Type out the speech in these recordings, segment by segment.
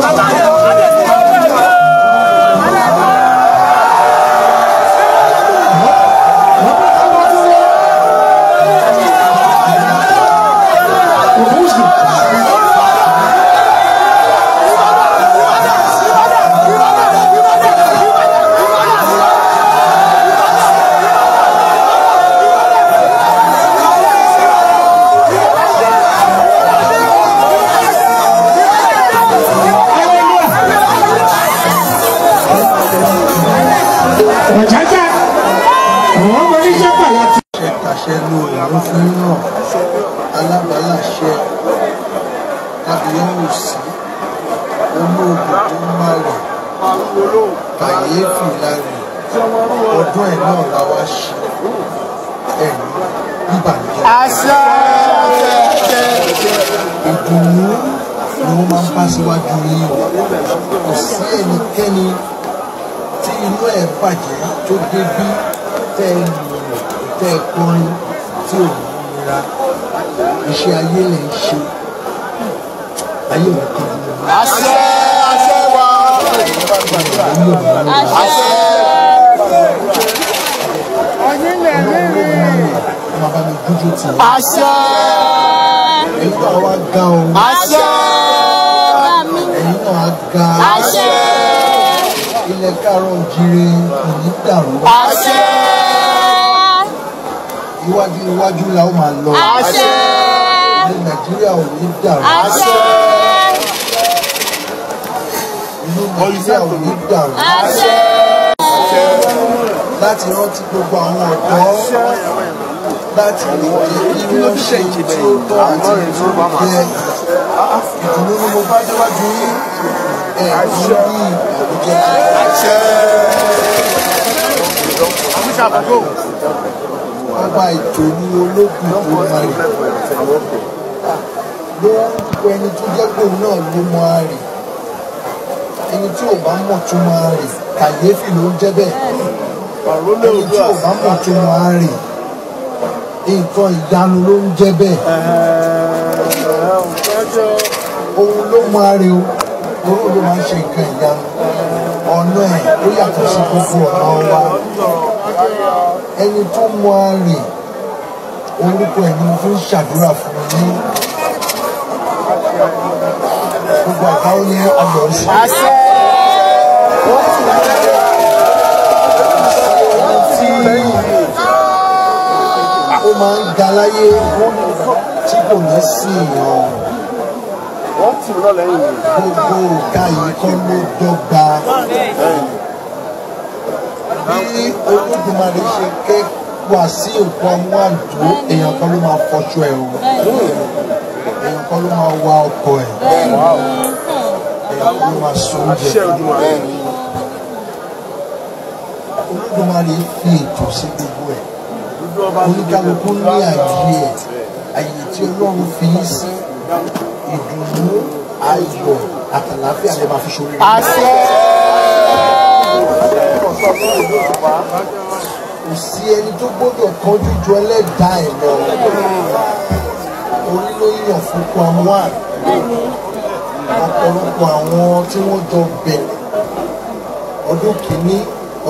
I'm bye kàyéfì láre ọdún ẹ̀ náà la wá ṣe ẹ̀mí bíbànújẹ́. àṣà ìdùnnú ni wọ́n máa ń bá síwájú yín o kò sí ẹnikẹ́ni tí inú ẹ̀ bàjẹ́ tó dé tẹ́ ẹ lò tẹ́ ẹ kọrin tí ò ní nira iṣẹ́ ayé lè ṣe ayé mi kan ní. àṣà àṣẹ. onílẹ̀ rírì. àṣẹ. ẹ̀yin náà wá ga o. ilẹ̀ kárọ̀ òjìrè kò ní dàrú. àṣẹ. iwájú iwájú la ó máa lọ. àṣẹ. ilẹ̀ nàìjíríà ò ní dàrú. àṣẹ iṣẹ́ òní dàrú. láti rántí gbogbo àwọn ọ̀dọ́ láti lè jẹ́ kí wọ́n àti ìdí tó yẹ. mo bá déwájú yín ẹ̀ẹ́dì ní ìbànújẹ́. ọba ìjòyè ológun olùmarè ló ń pẹni tó jẹ́ pé òun náà ló mọ àrè ẹni tí ò bá mọ̀ tún máa rìn kàyéfì ló ń jẹ́ bẹ́ẹ̀ ẹni tí ò bá mọ̀ tún máa rìn nǹkan ìyanu ló ń jẹ́ bẹ́ẹ̀ òun ló máa rìn o torí òun ló máa ṣe nǹkan ìyanu ọ̀nà ẹ̀ ó yàtọ̀ sí gbogbo ọ̀nà wa ẹni tó máa rìn orúkọ ẹ̀ ni mo fi ń ṣàdúrà fún yín. káwọlé àjọṣe. àṣẹ. ó máa ń ga láyé tí kò ní sí ìyàn. wọ́n tì mí lọ́lẹ́ yìí. gbogbo nǹka yìí kọ́ ló dọ́gba. bí olódùmarè ṣe ké wá sí òkú amúhàdó èèyàn kan ló máa fọṣọ ẹ̀ èèyàn kan ló máa wa ọkọ ẹ̀. Olódùmarè Olódùmarè fi ètò sí gbogbo ẹ̀ oníkálukú ní àyè ẹ̀ àyè tí Ọlọ́run fi yín sí ìdùnnú ayọ̀ àtàlàfíà lè máa fi ṣòro. àṣẹ. kò sí ẹni tó gbọ́dọ̀ kánjú ju ẹlẹ́dàá ẹ̀ lọ orí ló yàn fún kwamwan ọ̀pọ̀lọpọ̀ àwọn tí wọ́n jọ bẹ̀rẹ̀ ọdún kìíní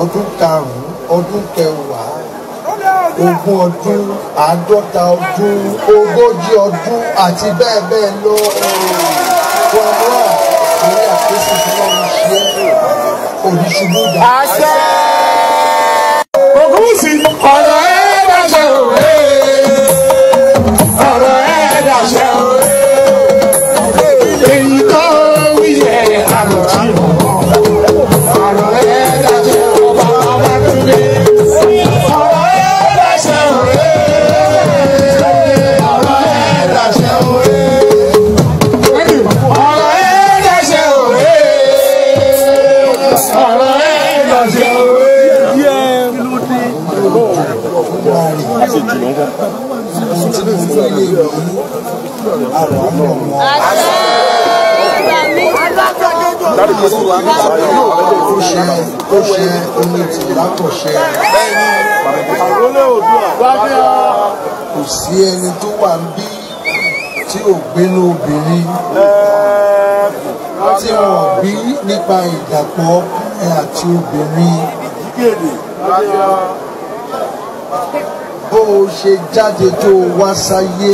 ọdún karùn-ún ọdún kẹwàá ogún ọdún àádọ́ta ọdún ogójì ọdún àti bẹ́ẹ̀ bẹ́ẹ̀ lọ fún àwọn àkóso tí wọ́n ń ṣe oníṣubú dà. àrùn ọmọ wọn. àṣẹ ìgbàmí. ó ṣe ó ṣe omi tìlá kò ṣe. àròlé òdua wájú. kò sí ẹni tó wà ń bí tí ò gbénú obìnrin tí wọn bí nípa ìdàpọ̀ ọkùnrin àti obìnrin bó o ṣe jáde tó o wá sáyé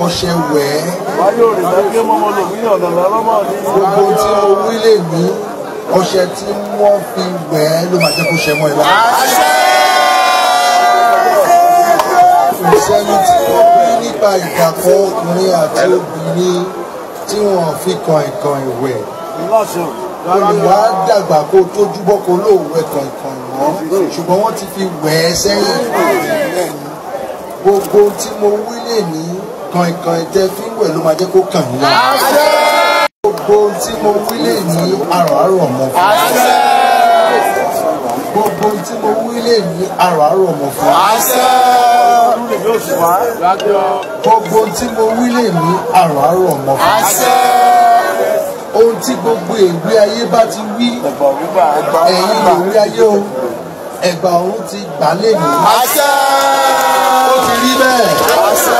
fọṣẹ wẹ̀ ẹ́. wáyé òrìṣà kí mọ́mọ́ lò ní ọ̀nà lọ́mọ́ ní. gbogbo tí mo wí lè wí ọṣẹ tí wọ́n fi wẹ̀ ẹ́ ló máa jẹ́ kó ṣẹ mọ́ ẹ lọ́wọ́. kò sẹ́ni tí wọ́n bí nípa ìdàpọ̀ ọkùnrin àti obìnrin tí wọ́n fi kan ìkan ìwẹ̀. olùwà dàgbà kó tójú bọ́ kó lóòwẹ̀ kan ìkan ìwọ̀n ṣùgbọ́n wọ́n ti fi wẹ̀ ẹ́ sẹ́yìn gbogbo tí mo wí lè ní kànkàn jẹ fíwẹ̀ ló máa jẹ́ kó kàn yín lára. gbogbo tí mo wí lè ní àràárọ̀ ọmọ fún mi. gbogbo tí mo wí lè ní àràárọ̀ ọmọ fún mi. gbogbo tí mo wí lè ní àràárọ̀ ọmọ fún mi ohun tí gbogbo èwe ayé bá ti wí ẹ̀yin èwe ayé o ẹ̀gbà ọ̀run ti gbà lé mi. ó ti rí bẹ́ẹ̀.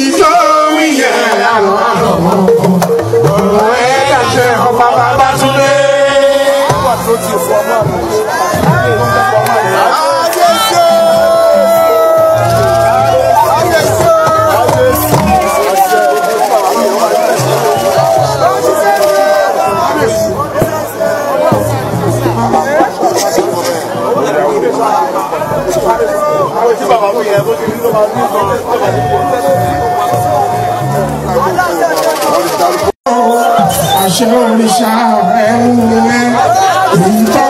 nítorí yẹn làwọn àlọ́mọ́ ọ̀rọ̀ ẹ̀ dàṣẹ ọba bàbá túnlé. Thank you. surely shall end.